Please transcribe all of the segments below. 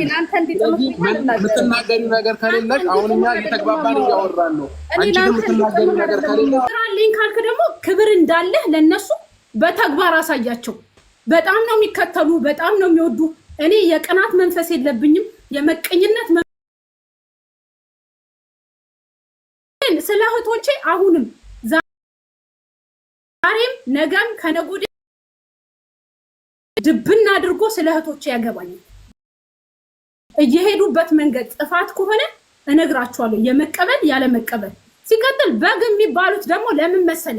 የምትናገሪ ነገር ከሌለሽ አሁን እኛ እየተግባባን እያወራን ነው። አንቺ የምትናገሪ ነገር ከሌለሽ ካልክ ደግሞ ክብር እንዳለህ ለእነሱ በተግባር አሳያቸው። በጣም ነው የሚከተሉ፣ በጣም ነው የሚወዱ። እኔ የቅናት መንፈስ የለብኝም፣ የመቀኝነት ስለ እህቶቼ አሁንም ዛሬም ነገም ከነገ ድብን አድርጎ ስለ እህቶቼ ያገባኛል። እየሄዱበት መንገድ ጥፋት ከሆነ እነግራችኋለሁ፣ የመቀበል ያለመቀበል። ሲቀጥል በግ የሚባሉት ደግሞ ለምን መሰለ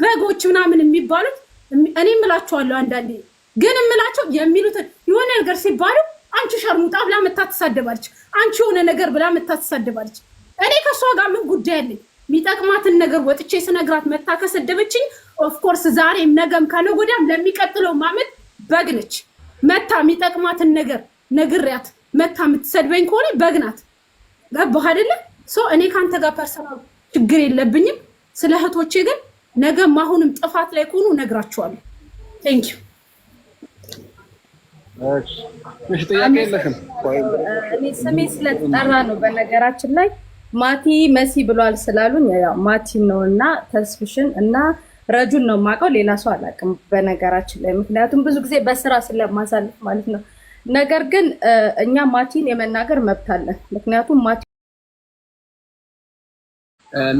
በጎች ምናምን የሚባሉት እኔ እምላችኋለሁ፣ አንዳንዴ ግን እምላቸው የሚሉትን የሆነ ነገር ሲባሉ አንቺ ሸርሙጣ ብላ መታ ትሳደባለች፣ አንቺ የሆነ ነገር ብላ መታ ትሳደባለች። እኔ ከእሷ ጋር ምን ጉዳይ አለኝ? የሚጠቅማትን ነገር ወጥቼ ስነግራት መታ ከሰደበችኝ፣ ኦፍኮርስ ዛሬም ነገም ካለ ጎዳም ለሚቀጥለው ማመት በግ ነች መታ የሚጠቅማትን ነገር ነግሪያት መታ የምትሰድበኝ ከሆነ በግ ናት። ገባህ አይደለ? ሰው እኔ ከአንተ ጋር ፐርሰናል ችግር የለብኝም። ስለ እህቶቼ ግን ነገም አሁንም ጥፋት ላይ ከሆኑ እነግራቸዋለሁ። ቴንክ ዩ። ስሜ ስለተጠራ ነው። በነገራችን ላይ ማቲ መሲ ብሏል ስላሉኝ ያው ማቲ ነው እና ተስፍሽን እና ረጁን ነው የማውቀው፣ ሌላ ሰው አላውቅም። በነገራችን ላይ ምክንያቱም ብዙ ጊዜ በስራ ስለማሳልፍ ማለት ነው ነገር ግን እኛ ማቲን የመናገር መብት አለን። ምክንያቱም ማቲ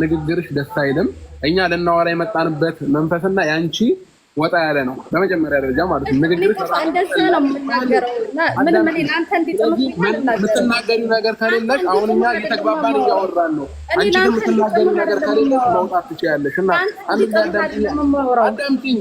ንግግርሽ ደስ አይልም። እኛ ልናወራ የመጣንበት መንፈስና የአንቺ ወጣ ያለ ነው። በመጀመሪያ ደረጃ ማለት ነው። ንግግርሽ እንደዛ ነው የምናገረው። ምን ምን ለአንተ እንዲጥምት የምትናገሪ ነገር ከሌለሽ አሁን እኛ እየተግባባን እያወራን ነው። አንቺ ግን የምትናገሪ ነገር ከሌለሽ መውጣት ትችያለሽ እና አንድ አዳምጪኝ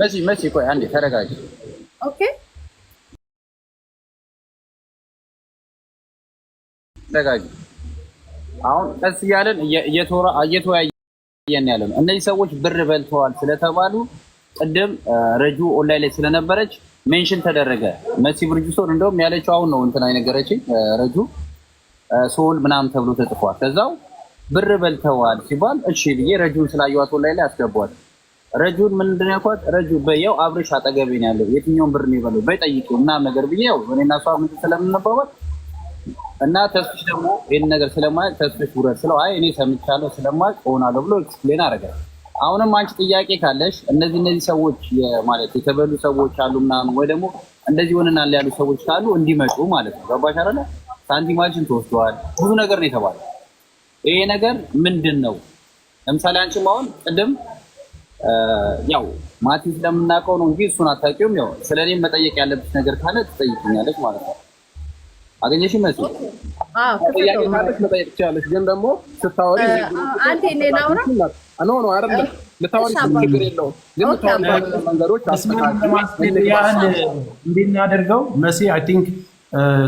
መሲ መቼ? ቆይ አንዴ ተረጋጊ። ኦኬ ተረጋጊ። አሁን ቀስ እያለን እየተወያየን ያለ ነው። እነዚህ ሰዎች ብር በልተዋል ስለተባሉ ቅድም ረጁ ኦንላይን ላይ ስለነበረች ሜንሽን ተደረገ። መሲ ብርጅስቶን እንደውም ያለችው አሁን ነው እንትና የነገረችኝ ረጁ ሶል ምናምን ተብሎ ተጽፏል። ከዛው ብር በልተዋል ሲባል እሺ ብዬ ረጁን ስላየዋት ኦንላይን ላይ አስገቧል። ረጁን ምንድን ያልኳት ረጁ በየው አብረሽ አጠገቤ ነው ያለው የትኛውን ብር ነው የበለው በጠይቂው እና ነገር ብዬ ያው እኔ እና እሷ ምንድን ስለምንባባል እና ተስፍሽ ደግሞ ይህን ነገር ስለማያውቅ ተስፍሽ ውረድ ስለው አይ እኔ ሰምቻለሁ ስለማያውቅ እሆናለሁ ብሎ ኤክስፕሌን አደረጋል። አሁንም አንቺ ጥያቄ ካለሽ እነዚህ እነዚህ ሰዎች ማለት የተበሉ ሰዎች አሉ ምናምን ወይ ደግሞ እንደዚህ ሆነናል ያሉ ሰዎች ካሉ እንዲመጡ ማለት ነው። ገባሽ አይደለ? ሳንቲማችን ተወስደዋል ብዙ ነገር ነው የተባለ። ይሄ ነገር ምንድን ነው? ለምሳሌ አንቺም አሁን ቅድም ያው ማቲ ስለምናውቀው ነው እንጂ እሱን አታውቂውም። ያው ስለ እኔም መጠየቅ ያለብሽ ነገር ካለ ትጠይቅኛለች ማለት ነው። አገኘሽ መስ መጠየቅ ትችላለች። ግን ደግሞ ስታወሪ ነው ነው አይደለም ልታወሪ ችግር የለውም። ግን መንገዶች እንድናደርገው መሲ አይ ቲንክ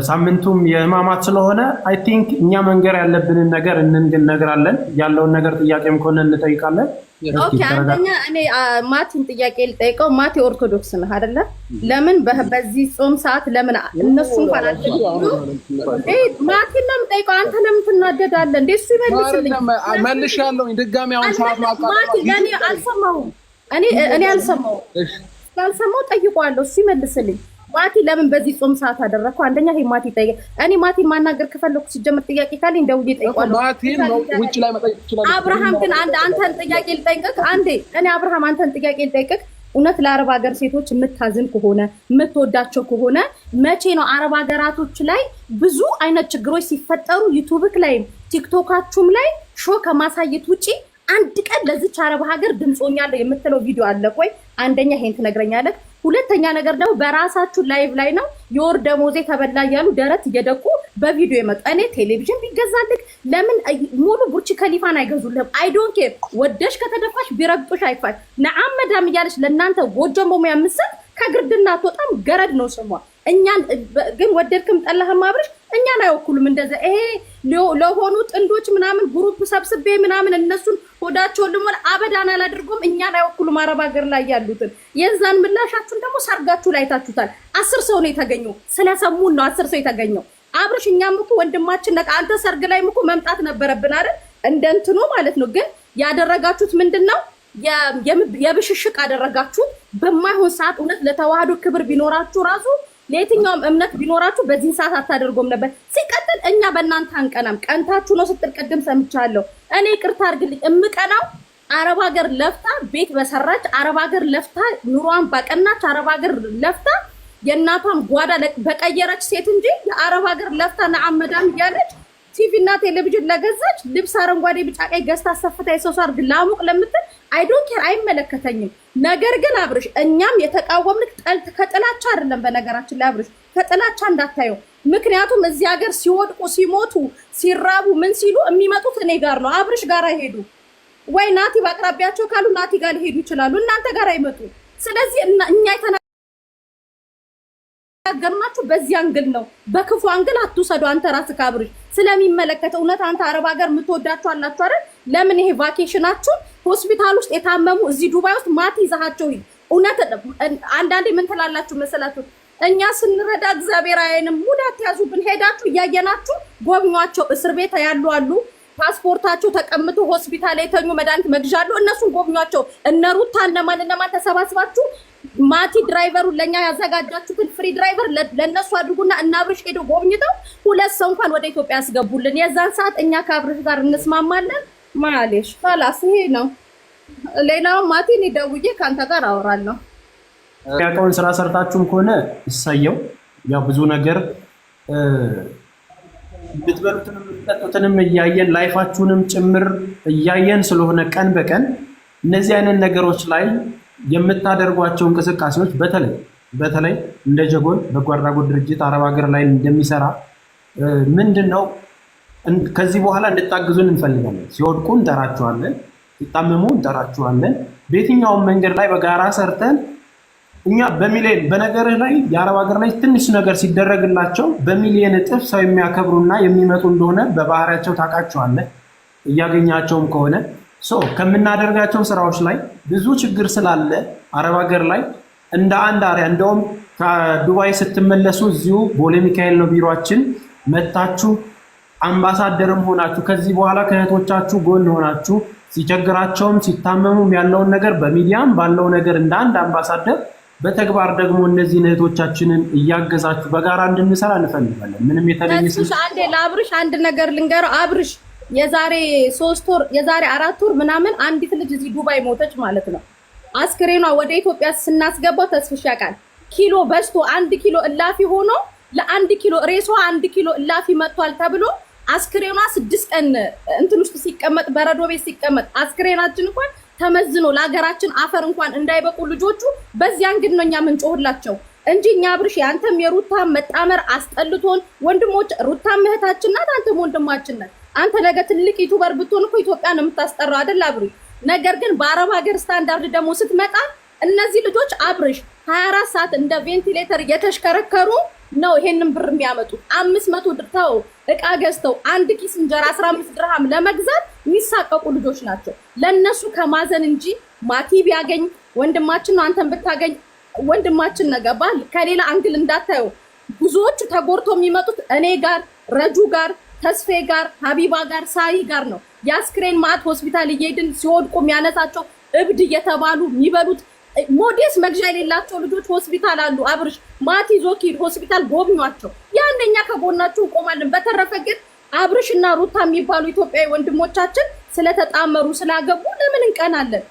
ሳምንቱም የህማማት ስለሆነ አይ ቲንክ እኛ መንገር ያለብንን ነገር እንነግራለን። ያለውን ነገር ጥያቄም ከሆነ እንጠይቃለን። አንደኛ እኔ ማቲን ጥያቄ ልጠይቀው። ማቲ ኦርቶዶክስ ነህ አይደለ? ለምን በዚህ ጾም ሰዓት ለምን እነሱ እንኳን ማቲን ነው የምጠይቀው። አንተ ለምን ትናደዳለህ እንዴ? እሱ ይመልስልኝ። ያለው ድጋሚ አሁን ሰዓት ማቃማቲ እኔ አልሰማሁም። እኔ እኔ አልሰማሁም። ስላልሰማሁ ጠይቋለሁ። እሱ ይመልስልኝ። ማቲ ለምን በዚህ ጾም ሰዓት አደረግኩ? አንደኛ ይሄ ማቲ ጠይቀ እኔ ማቲ ማናገር ከፈለኩ ሲጀምር ጥያቄ ካለኝ ደውዬ እጠይቀዋለሁ። አብርሃም ግን አንተን ጥያቄ ልጠይቅህ። አንዴ እኔ አብርሃም አንተን ጥያቄ ልጠይቅህ። እውነት ለአረብ ሀገር ሴቶች የምታዝን ከሆነ የምትወዳቸው ከሆነ መቼ ነው አረብ ሀገራቶች ላይ ብዙ አይነት ችግሮች ሲፈጠሩ ዩቱብክ ላይም ቲክቶካችሁም ላይ ሾ ከማሳየት ውጪ አንድ ቀን ለዚች አረብ ሀገር ድምፆኛለሁ የምትለው ቪዲዮ አለ ወይ? አንደኛ ይሄን ትነግረኛለህ። ሁለተኛ ነገር ደግሞ በራሳችሁ ላይቭ ላይ ነው የወር ደሞዜ ተበላ እያሉ ደረት እየደቁ በቪዲዮ የመጡ እኔ ቴሌቪዥን ቢገዛልክ ለምን ሙሉ ቡርች ከሊፋን አይገዙልህም? አይዶን ኬር ወደሽ ከተደፋሽ ቢረግጡሽ አይፋል ነአመዳም እያለች ለእናንተ ጎጆ መሙያ የምትሰጥ ከግርድና አትወጣም። ገረድ ነው ስሟ። እኛን ግን ወደድክም ጠላህም አብረሽ እኛን አይወኩሉም። እንደዛ ይሄ ለሆኑ ጥንዶች ምናምን ግሩፕ ሰብስቤ ምናምን እነሱን ሆዳቸውን ልሞል አበዳን አላድርጎም። እኛን አይወኩሉም። አረብ ሀገር ላይ ያሉትን የዛን ምላሻችሁን ደግሞ ሰርጋችሁ ላይ ታችሁታል። አስር ሰው ነው የተገኘው። ስለሰሙን ነው አስር ሰው የተገኘው። አብርሽ እኛም እኮ ወንድማችን ነቃ፣ አንተ ሰርግ ላይ እኮ መምጣት ነበረብን አይደል? እንደንትኑ ማለት ነው። ግን ያደረጋችሁት ምንድን ነው? የብሽሽቅ አደረጋችሁ በማይሆን ሰዓት። እውነት ለተዋህዶ ክብር ቢኖራችሁ ራሱ ለየትኛውም እምነት ቢኖራችሁ በዚህን ሰዓት አታደርጎም ነበር። ሲቀጥል እኛ በእናንተ አንቀናም። ቀንታችሁ ነው ስትል ቅድም ሰምቻለሁ። እኔ ቅርታ አርግልኝ እምቀናው አረብ ሀገር ለፍታ ቤት በሰራች አረብ ሀገር ለፍታ ኑሯን በቀናች አረብ ሀገር ለፍታ የእናቷን ጓዳ በቀየረች ሴት እንጂ የአረብ ሀገር ለፍታ ነአመዳም እያለች ቲቪ እና ቴሌቪዥን ለገዛች ልብስ አረንጓዴ፣ ቢጫ፣ ቀይ ገዝታ አሰፍታ የሰው ሰው ላሙቅ ለምትል አይ ዶንት ኬር አይመለከተኝም። ነገር ግን አብርሽ እኛም የተቃወምንክ ጠልት ከጥላቻ አይደለም። በነገራችን ላይ አብርሽ ከጥላቻ እንዳታየው። ምክንያቱም እዚህ ሀገር ሲወድቁ ሲሞቱ ሲራቡ ምን ሲሉ የሚመጡት እኔ ጋር ነው። አብርሽ ጋር አይሄዱ ወይ ናቲ በአቅራቢያቸው ካሉ ናቲ ጋር ሊሄዱ ይችላሉ። እናንተ ጋር አይመጡ። ስለዚህ እኛ የተና ያገርማችሁ በዚህ አንግል ነው። በክፉ አንግል አትውሰዱ። አንተ ራስህ ካብርሽ ስለሚመለከተው እውነት አንተ አረብ ሀገር የምትወዳችሁ አላችሁ አይደል? ለምን ይሄ ቫኬሽናችሁን ሆስፒታል ውስጥ የታመሙ እዚህ ዱባይ ውስጥ ማት ይዛሃቸው እውነት አንዳንዴ ምን ትላላችሁ መሰላችሁ? እኛ ስንረዳ እግዚአብሔር አይንም ሙዳት ያዙብን። ሄዳችሁ እያየናችሁ ጎብኟቸው። እስር ቤት ያሉ አሉ ፓስፖርታቸው ተቀምቶ ሆስፒታል የተኙ መድኃኒት መግዣ አሉ። እነሱን ጎብኟቸው። እነ ሩታ እነማን እነማን ተሰባስባችሁ ማቲ ድራይቨሩን ለእኛ ያዘጋጃችሁትን ፍሪ ድራይቨር ለእነሱ አድርጉና እና አብርሽ ሄዶ ጎብኝተው ሁለት ሰው እንኳን ወደ ኢትዮጵያ ያስገቡልን። የዛን ሰዓት እኛ ከአብርሽ ጋር እንስማማለን። ማሌሽ ላስ ይሄ ነው። ሌላው ማቲ እኔ ደውዬ ከአንተ ጋር አወራለሁ። ያቀውን ስራ ሰርታችሁም ከሆነ ይሳየው። ያው ብዙ ነገር የምትበሉትንም የምትጠጡትንም እያየን ላይፋችሁንም ጭምር እያየን ስለሆነ ቀን በቀን እነዚህ አይነት ነገሮች ላይ የምታደርጓቸው እንቅስቃሴዎች በተለይ በተለይ እንደ ጀጎል በጎ አድራጎት ድርጅት አረብ ሀገር ላይ እንደሚሰራ ምንድን ነው ከዚህ በኋላ እንድታግዙን እንፈልጋለን። ሲወድቁ እንጠራችኋለን፣ ሲጣመሙ እንጠራችኋለን። በየትኛውም መንገድ ላይ በጋራ ሰርተን እኛ በሚሊዮን በነገርህ ላይ የአረብ ሀገር ላይ ትንሽ ነገር ሲደረግላቸው በሚሊዮን እጥፍ ሰው የሚያከብሩና የሚመጡ እንደሆነ በባህሪያቸው ታውቃቸዋለህ። እያገኛቸውም ከሆነ ከምናደርጋቸው ስራዎች ላይ ብዙ ችግር ስላለ አረብ ሀገር ላይ እንደ አንድ አሪያ እንደውም ከዱባይ ስትመለሱ እዚሁ ቦሌ ሚካኤል ነው ቢሮችን መታችሁ አምባሳደርም ሆናችሁ ከዚህ በኋላ ከእህቶቻችሁ ጎን ሆናችሁ ሲቸግራቸውም ሲታመሙም ያለውን ነገር በሚዲያም ባለው ነገር እንደ አንድ አምባሳደር በተግባር ደግሞ እነዚህ እህቶቻችንን እያገዛችሁ በጋራ እንድንሰራ እንፈልጋለን። ምንም የተለየ አንዴ ለአብርሽ አንድ ነገር ልንገረው አብርሽ የዛሬ ሶስት ወር የዛሬ አራት ወር ምናምን አንዲት ልጅ እዚህ ዱባይ ሞተች ማለት ነው። አስክሬኗ ወደ ኢትዮጵያ ስናስገባው ተስፍሽ ያውቃል ኪሎ በዝቶ አንድ ኪሎ እላፊ ሆኖ ለአንድ ኪሎ ሬሷ አንድ ኪሎ እላፊ መጥቷል ተብሎ አስክሬኗ ስድስት ቀን እንትን ውስጥ ሲቀመጥ በረዶ ቤት ሲቀመጥ አስክሬናችን እንኳን ተመዝኖ ለሀገራችን አፈር እንኳን እንዳይበቁ ልጆቹ በዚያን ግን ነው እኛ ምንጮህላቸው እንጂ እኛ አብርሽ የአንተም የሩታ መጣመር አስጠልቶን፣ ወንድሞች ሩታ እህታችን ናት፣ አንተም ወንድማችን ነት አንተ ነገ ትልቅ ዩቱበር ብትሆን እኮ ኢትዮጵያ ነው የምታስጠራው አይደል አብሪ? ነገር ግን በአረብ ሀገር ስታንዳርድ ደግሞ ስትመጣ እነዚህ ልጆች አብርሽ 24 ሰዓት እንደ ቬንቲሌተር እየተሽከረከሩ ነው ይሄንን ብር የሚያመጡት። አምስት መቶ ድርታው እቃ ገዝተው አንድ ኪስ እንጀራ 15 ድርሃም ለመግዛት የሚሳቀቁ ልጆች ናቸው። ለነሱ ከማዘን እንጂ ማቲ ቢያገኝ ወንድማችን ነው። አንተን ብታገኝ ወንድማችን ነገባል። ከሌላ አንግል እንዳታየው። ብዙዎቹ ተጎድተው የሚመጡት እኔ ጋር ረጁ ጋር ተስፌ ጋር ሀቢባ ጋር ሳይ ጋር ነው የአስክሬን ማት ሆስፒታል እየሄድን ሲወድቁ የሚያነሳቸው እብድ እየተባሉ የሚበሉት ሞዴስ መግዣ የሌላቸው ልጆች ሆስፒታል አሉ። አብርሽ ማት ይዞ ኪድ ሆስፒታል ጎብኟቸው። ያንደኛ ከጎናቸው እንቆማለን በተረፈ ግን አብርሽ እና ሩታ የሚባሉ ኢትዮጵያዊ ወንድሞቻችን ስለተጣመሩ ስላገቡ ለምን እንቀናለን?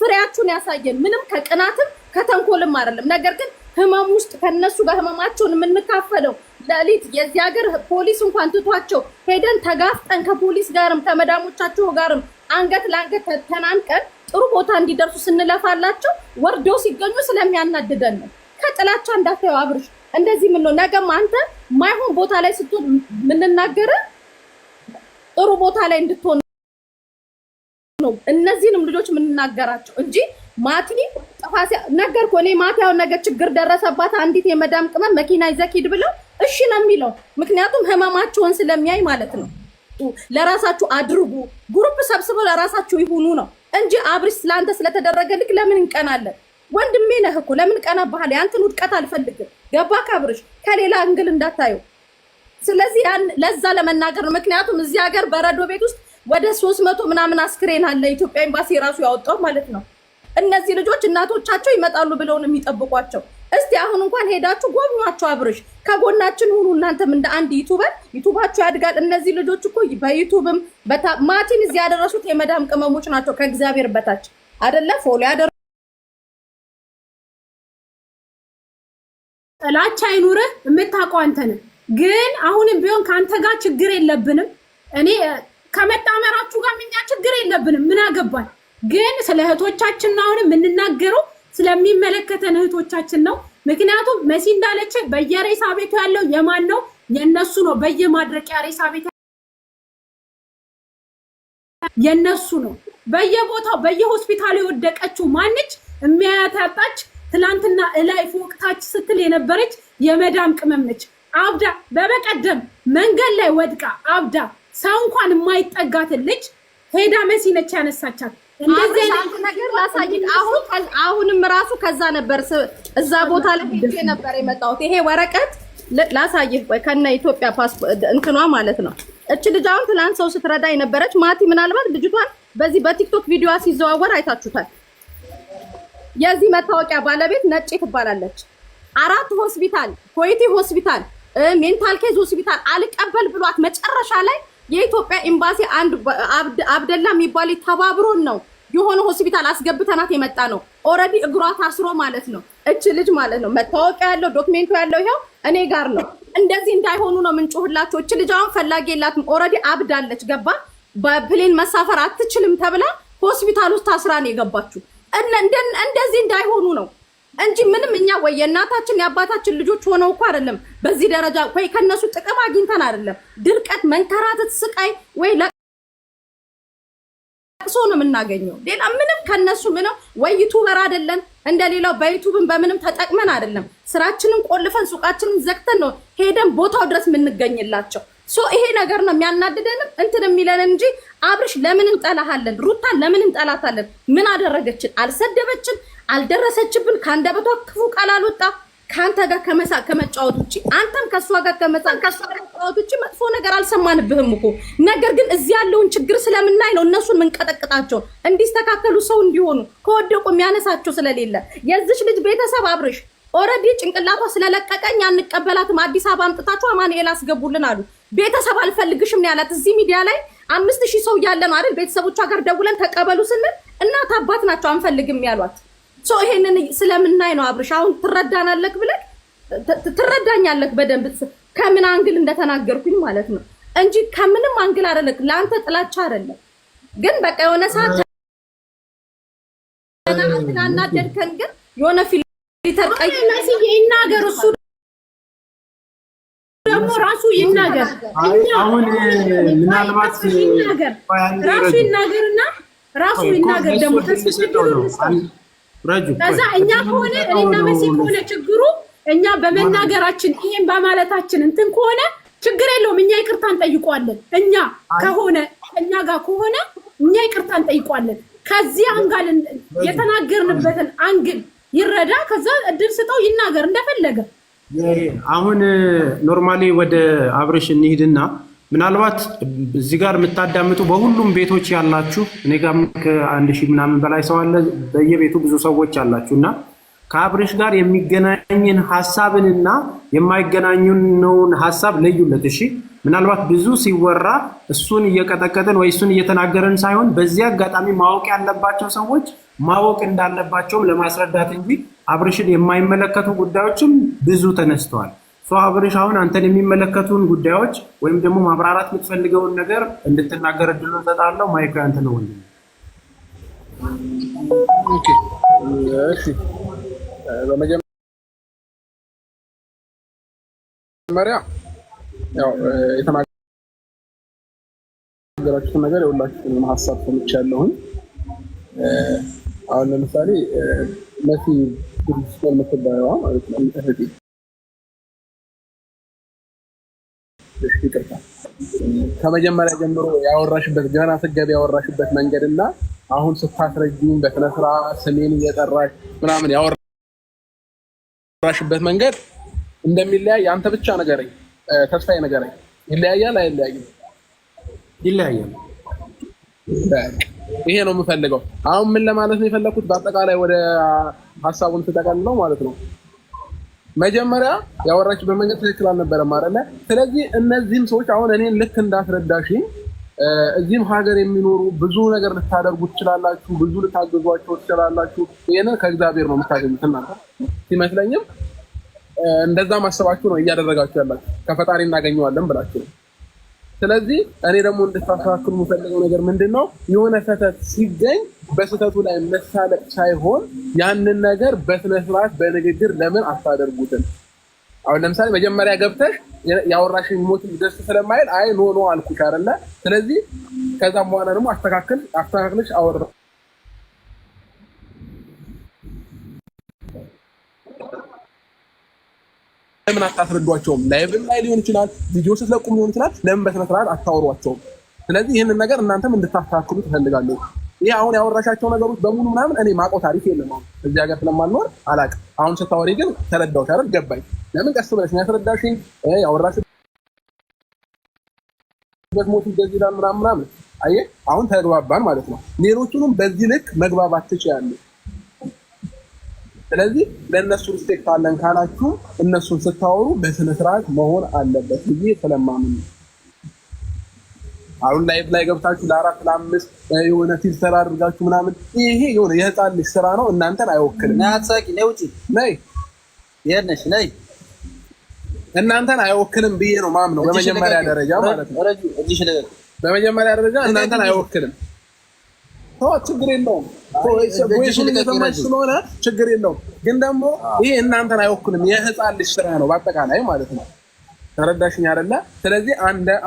ፍሬያችሁን ያሳየን። ምንም ከቅናትም ከተንኮልም አይደለም። ነገር ግን ህመም ውስጥ ከነሱ በህመማቸውን የምንካፈለው ዳሊት የዚህ ሀገር ፖሊስ እንኳን ትቷቸው ሄደን ተጋፍጠን ከፖሊስ ጋርም ከመዳሞቻቸው ጋርም አንገት ለአንገት ተናንቀን ጥሩ ቦታ እንዲደርሱ ስንለፋላቸው ወርዶ ሲገኙ ስለሚያናድደን ነው። ከጥላቻ እንዳታየው አብርሽ፣ እንደዚህ ምን ነው ነገም አንተ ማይሆን ቦታ ላይ ስትሆን የምንናገረ ጥሩ ቦታ ላይ እንድትሆን ነው። እነዚህንም ልጆች የምንናገራቸው እንጂ ማቲ ጥፋት ነገር እኮ እኔ ማቲ ያው ነገር ችግር ደረሰባት አንዲት የመዳም ቅመም መኪና ይዘህ ሂድ ብለው እሺ ነው የሚለው። ምክንያቱም ህመማችሁን ስለሚያይ ማለት ነው። ለራሳችሁ አድርጉ፣ ግሩፕ ሰብስበው ለራሳችሁ ይሁኑ ነው እንጂ አብርሽ ለአንተ ልክ ለምን እንቀናለን? ወንድሜ ነህ እኮ ለምን ቀና ባህል ያንተን ውድቀት አልፈልግም። ገባ ካብርሽ ከሌላ እንግል እንዳታየው። ስለዚህ ያን ለዛ ለመናገር ነው። ምክንያቱም እዚህ ሀገር በረዶ ቤት ውስጥ ወደ ሶስት መቶ ምናምን አስክሬን አለ ኢትዮጵያ ኤምባሲ ራሱ ያወጣው ማለት ነው። እነዚህ ልጆች እናቶቻቸው ይመጣሉ ብለውን የሚጠብቋቸው እስቲ አሁን እንኳን ሄዳችሁ ጎብኟቸው። አብርሽ ከጎናችን ሁኑ። እናንተም እንደ አንድ ዩቱበር ዩቱባችሁ ያድጋል። እነዚህ ልጆች እኮ በዩቱብም ማቲን እዚህ ያደረሱት የመዳም ቅመሞች ናቸው። ከእግዚአብሔር በታች አደለ ፎሎ ያደረ ጥላች አይኑርህ። የምታውቀው አንተ ግን አሁንም ቢሆን ከአንተ ጋር ችግር የለብንም። እኔ ከመጣመራችሁ ጋር ምኛ ችግር የለብንም። ምን አገባል? ግን ስለ እህቶቻችን አሁንም የምንናገረው ስለሚመለከተን እህቶቻችን ነው። ምክንያቱም መሲ እንዳለች በየሬሳ ቤቱ ያለው የማን ነው? የነሱ ነው። በየማድረቂያ ሬሳ ቤት የነሱ ነው። በየቦታው በየሆስፒታሉ የወደቀችው ማንች የሚያታጣች ትላንትና እላይ ፎቅ ታች ስትል የነበረች የመዳም ቅመም ነች። አብዳ በበቀደም መንገድ ላይ ወድቃ አብዳ ሰው እንኳን የማይጠጋትን ልጅ ሄዳ መሲ ነች ያነሳቻት። ነገር ላሳይት። አሁን አሁንም ራሱ ከዛ ነበር እዛ ቦታ ላይ ነበር የመጣሁት። ይሄ ወረቀት ላሳይህ ቆይ፣ ከነ ኢትዮጵያ ፓስፖርት እንትኗ ማለት ነው። እች ልጅ አሁን ትላንት ሰው ስትረዳ የነበረች ማቲ፣ ምናልባት ልጅቷን በዚህ በቲክቶክ ቪዲዮዋ ሲዘዋወር አይታችሁታል። የዚህ መታወቂያ ባለቤት ነጭ ትባላለች። አራት ሆስፒታል፣ ኮይቲ ሆስፒታል፣ ሜንታል ኬዝ ሆስፒታል አልቀበል ብሏት መጨረሻ ላይ የኢትዮጵያ ኤምባሲ አንድ አብደላ የሚባል ተባብሮን ነው የሆነ ሆስፒታል አስገብተናት የመጣ ነው። ኦልሬዲ እግሯ ታስሮ ማለት ነው። እች ልጅ ማለት ነው መታወቂያ ያለው ዶክሜንቱ ያለው ይኸው እኔ ጋር ነው። እንደዚህ እንዳይሆኑ ነው ምንጮህላቸው። እች ልጅ አሁን ፈላጊ የላትም። ኦልሬዲ አብዳለች። ገባ በፕሌን መሳፈር አትችልም ተብላ ሆስፒታል ውስጥ ታስራ ነው የገባችው። እንደዚህ እንዳይሆኑ ነው እንጂ ምንም እኛ ወይ የእናታችን የአባታችን ልጆች ሆነው እኮ አይደለም በዚህ ደረጃ ወይ ከነሱ ጥቅም አግኝተን አይደለም ድርቀት፣ መንከራተት፣ ስቃይ ወይ ለቅሶ ነው የምናገኘው። ሌላ ምንም ከነሱ ምንም ወይ ዩቱበር አይደለም እንደ ሌላው በዩቱብን በምንም ተጠቅመን አይደለም። ስራችንን ቆልፈን ሱቃችንን ዘግተን ነው ሄደን ቦታው ድረስ የምንገኝላቸው። ሶ ይሄ ነገር ነው የሚያናድደንም እንትን የሚለን እንጂ አብርሽ ለምን እንጠላሃለን? ሩታ ለምን እንጠላታለን? ምን አደረገችን? አልሰደበችን፣ አልደረሰችብን፣ ከአንደበቷ ክፉ ቃል አልወጣ ከአንተ ጋር ከመሳቅ ከመጫወት ውጭ አንተም ከእሷ ጋር ከመሳቅ ከእሷ ጋር ከመጫወት ውጭ መጥፎ ነገር አልሰማንብህም እኮ። ነገር ግን እዚህ ያለውን ችግር ስለምናይ ነው እነሱን ምንቀጠቅጣቸው እንዲስተካከሉ ሰው እንዲሆኑ ከወደቁ የሚያነሳቸው ስለሌለ የዚች ልጅ ቤተሰብ አብርሽ ኦልሬዲ ጭንቅላቷ ስለለቀቀኝ አንቀበላትም፣ አዲስ አበባ አምጥታችሁ አማኑኤል አስገቡልን አሉ። ቤተሰብ አልፈልግሽም ያላት። እዚህ ሚዲያ ላይ አምስት ሺህ ሰው ያለ ነው አይደል? ቤተሰቦቿ ጋር ደውለን ተቀበሉ ስንል እናት አባት ናቸው አንፈልግም ያሏት ሶ ይሄንን ስለምናይ ነው አብርሽ፣ አሁን ትረዳናለክ ብለህ ትረዳኛለክ በደንብ ከምን አንግል እንደተናገርኩኝ ማለት ነው እንጂ ከምንም አንግል አይደለም። ለአንተ ጥላቻ አይደለም። ግን በቃ የሆነ ሰዓት አናደድከን። ግን የሆነ ፊልተር ቀይናሲ ይናገር እሱ ደግሞ ራሱ ይናገር ምናልባት ራሱ ይናገርና ራሱ ይናገር ደግሞ ተስፋ ከዛ እኛ ከሆነ እኔና መሲ ከሆነ ችግሩ እኛ በመናገራችን ይሄን በማለታችን እንትን ከሆነ ችግር የለውም። እኛ ይቅርታ እንጠይቋለን። እኛ ከሆነ እኛ ጋር ከሆነ እኛ ይቅርታ እንጠይቋለን። ከዚህ አንጋል የተናገርንበትን አንግል ይረዳ። ከዛ እድል ስጠው ይናገር እንደፈለገ። አሁን ኖርማሊ ወደ አብርሽ እንሂድና ምናልባት እዚህ ጋር የምታዳምጡ በሁሉም ቤቶች ያላችሁ እኔ ጋር ከአንድ ሺህ ምናምን በላይ ሰው አለ። በየቤቱ ብዙ ሰዎች አላችሁ እና ከአብርሽ ጋር የሚገናኝን ሀሳብንና የማይገናኙነውን ሀሳብ ለዩለት። እሺ፣ ምናልባት ብዙ ሲወራ እሱን እየቀጠቀጥን ወይ እሱን እየተናገረን ሳይሆን በዚህ አጋጣሚ ማወቅ ያለባቸው ሰዎች ማወቅ እንዳለባቸውም ለማስረዳት እንጂ አብርሽን የማይመለከቱ ጉዳዮችም ብዙ ተነስተዋል። ሶ አብሬሽ አሁን አንተን የሚመለከቱን ጉዳዮች ወይም ደግሞ ማብራራት የምትፈልገውን ነገር እንድትናገር እድሉ ሰጣለው። ማይክ አንተ ነው ወንድም። በመጀመሪያ የተናገራችሁትን ነገር የሁላችሁንም ሀሳብ ሰምቼ ያለሁን አሁን ለምሳሌ መሲ ጉድስቶን የምትባለዋ ማለት ነው ይቅርታ ከመጀመሪያ ጀምሮ ያወራሽበት ገና ስገብ ያወራሽበት መንገድ እና አሁን ስታስረጅኝ በስነስራ ስሜን እየጠራሽ ምናምን ያወራሽበት መንገድ እንደሚለያይ አንተ ብቻ ነገረኝ፣ ተስፋዬ ነገረኝ። ይለያያል? አይለያይም? ይለያያል። ይሄ ነው የምፈልገው። አሁን ምን ለማለት ነው የፈለግኩት፣ በአጠቃላይ ወደ ሀሳቡን ትጠቀልለው ማለት ነው መጀመሪያ ያወራችሁ በመንገድ ትክክል አልነበረም አይደለ? ስለዚህ እነዚህም ሰዎች አሁን እኔን ልክ እንዳስረዳሽኝ እዚህም ሀገር የሚኖሩ ብዙ ነገር ልታደርጉ ትችላላችሁ፣ ብዙ ልታገዟቸው ትችላላችሁ። ይህንን ከእግዚአብሔር ነው የምታገኙት እናንተ ሲመስለኝም እንደዛ ማሰባችሁ ነው እያደረጋችሁ ያላችሁ። ከፈጣሪ እናገኘዋለን ብላችሁ ነው ስለዚህ እኔ ደግሞ እንድታስተካክሉ የምፈልገው ነገር ምንድን ነው፣ የሆነ ስህተት ሲገኝ በስህተቱ ላይ መሳለቅ ሳይሆን ያንን ነገር በስነስርዓት በንግግር ለምን አታደርጉትም? አሁን ለምሳሌ መጀመሪያ ገብተሽ ያወራሽ ሞት ደስ ስለማይል አይ ኖ ኖ አልኩሽ አይደለ? ስለዚህ ከዛም በኋላ ደግሞ አስተካክል አስተካክልሽ አወራ ለምን አታስረዷቸውም? ላይቭም ላይ ሊሆን ይችላል፣ ቪዲዮ ስትለቁም ሊሆን ይችላል። ለምን በስነ አታወሯቸውም? ስለዚህ ይህንን ነገር እናንተም እንድታስተካክሉ ትፈልጋለሁ። ይህ አሁን ያወራሻቸው ነገሮች በሙሉ ምናምን እኔ ማቆ ታሪክ የለም። አሁን እዚህ ሀገር ስለማልኖር አላቅም። አሁን ስታወሪ ግን ተረዳው ተረድ ገባኝ። ለምን ቀስ ብለሽ ያስረዳሽ ያወራሽ ሞት እንደዚህ ይላል ምናምን ምናምን። አየህ አሁን ተግባባን ማለት ነው። ሌሎቹንም በዚህ ልክ መግባባት ትችያለሽ። ስለዚህ ለእነሱ ሪስፔክት አለን ካላችሁ እነሱን ስታወሩ በስነስርዓት መሆን አለበት ብዬ ስለማምን አሁን ላይፍ ላይ ገብታችሁ ለአራት ለአምስት የሆነ ፊልተር አድርጋችሁ ምናምን ይሄ የሆነ የህፃን ልጅ ስራ ነው፣ እናንተን አይወክልም። ናያሳቂ ነይ ውጪ ነይ የነሽ ነይ እናንተን አይወክልም ብዬ ነው ማምነው። በመጀመሪያ ደረጃ ማለት ነው። በመጀመሪያ ደረጃ እናንተን አይወክልም። ችግር የለውም ስለሆነ ችግር የለውም። ግን ደግሞ ይሄ እናንተን አይወክልም። የህፃን ልጅ ስራ ነው በአጠቃላይ ማለት ነው። ተረዳሽኝ አይደለ? ስለዚህ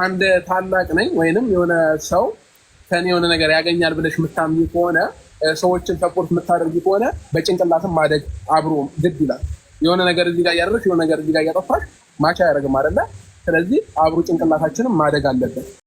አንድ ታላቅ ነኝ ወይንም የሆነ ሰው ከኔ የሆነ ነገር ያገኛል ብለሽ የምታምኚ ከሆነ ሰዎችን ሰፖርት የምታደርጊ ከሆነ በጭንቅላትም ማደግ አብሮ ግድ ይላል። የሆነ ነገር እዚህ ጋር እያደረግሽ የሆነ ነገር እዚህ ጋር እያጠፋሽ ማቻ አያደርግም አይደለ? ስለዚህ አብሮ ጭንቅላታችንም ማደግ አለበት።